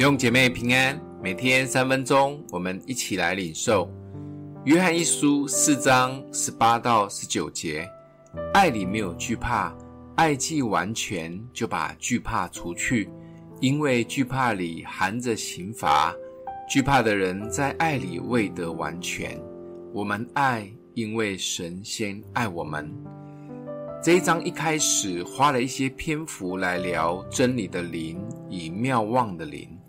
弟兄姐妹平安，每天三分鐘，我們一起來領受約翰一書四章十八到十九節：愛裡沒有懼怕，愛既完全，就把懼怕除去，因為懼怕裡含着刑罰，懼怕的人在愛裡未得完全。我們愛，因為神先愛我們。這一章一開始花了一些篇幅來聊真理的靈與謬妄的靈。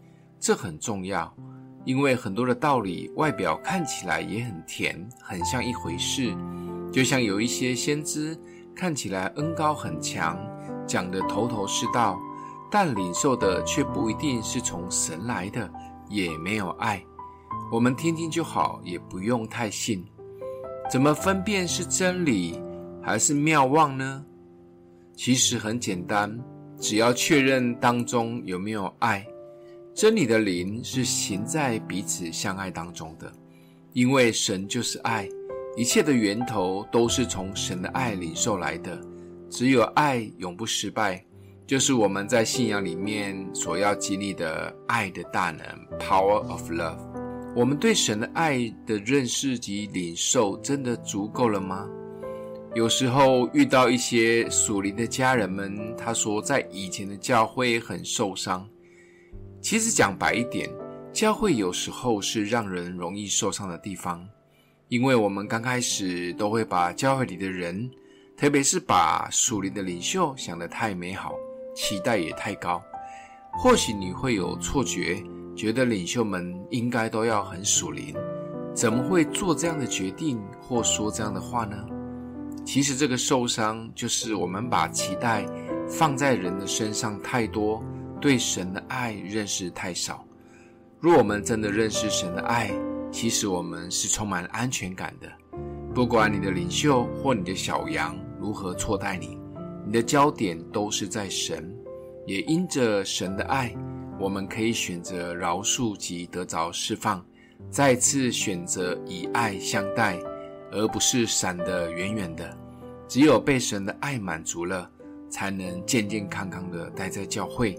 這很重要，因為很多的道理外表看起來也很甜，很像一回事。就像有一些先知看起來恩膏很強，講得頭頭是道，但領受的卻不一定是從神來的，也沒有愛。我們聽聽就好，也不用太信。怎麼分辨是真理還是謬妄呢？其實很簡單，只要確認當中有沒有愛。真理的靈是行在彼此相愛當中的，因為神就是愛，一切的源頭都是從神的愛領受來的。只有愛永不失敗，就是我們在信仰裡面所要經歷的愛的大能 （Power of Love）。我們對神的愛的認識及領受真的足夠了嗎？有時候遇到一些屬靈的家人們，他說在以前的教會很受傷。其實講白一點，教會有時候是讓人容易受傷的地方，因為我們剛開始都會把教會裡的人，特別是把屬靈的領袖想得太美好，期待也太高。或許你會有錯覺，覺得領袖們應該都要很屬靈，怎麼會做這樣的決定，或說這樣的話呢？其實這個受傷就是我們把期待放在人的身上太多。對神的愛認識太少。若我們真的認識神的愛，其實我們是充滿安全感的。不管你的領袖或你的小羊如何錯待你，你的焦點都是在神。也因着神的愛，我們可以選擇饒恕及得着釋放，再次選擇以愛相待，而不是閃得遠遠的。只有被神的愛滿足了，才能健健康康地待在教會。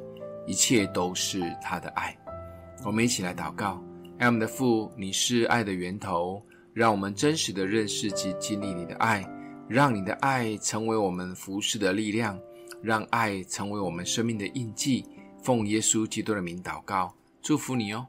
一切都是他的愛，我們一起來禱告。愛我們的父，你是愛的源頭，讓我們真實的認識及經歷你的愛，讓你的愛成為我們服事的力量，讓愛成為我們生命的印記。奉耶穌基督的名禱告，祝福你哦。